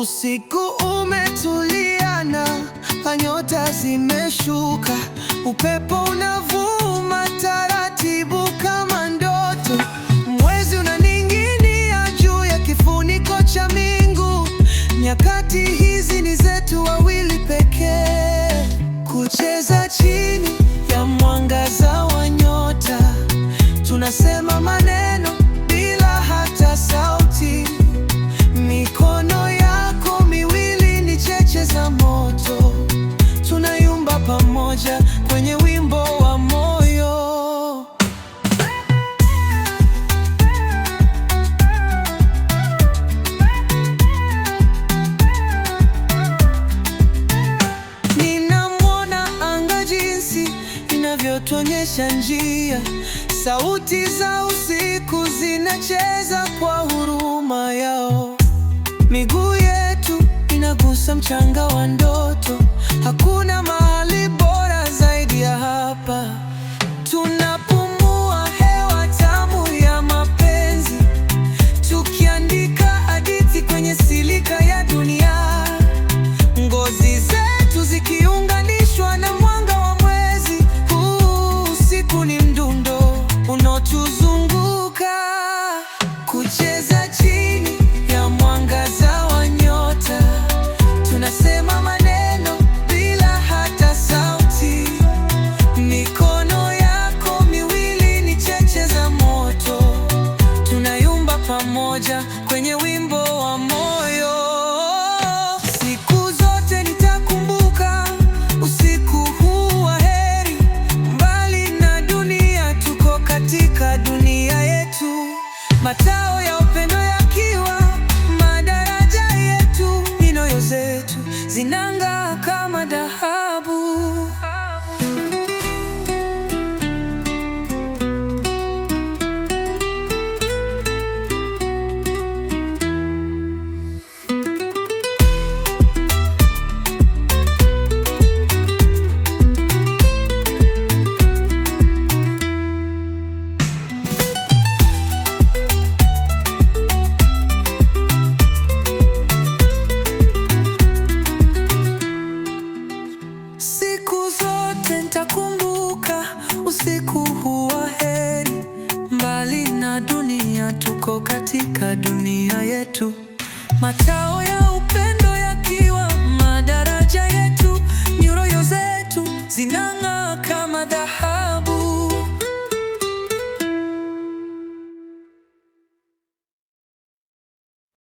Usiku umetulia na nyota zimeshuka, upepo unavuma tuonyesha njia. Sauti za usiku zinacheza kwa huruma yao, miguu yetu inagusa mchanga wa ndo pamoja kwenye wimbo wa moyo. Siku zote nitakumbuka usiku huu wa heri. Mbali na dunia, tuko katika dunia yetu matao tuko katika dunia yetu, matao ya upendo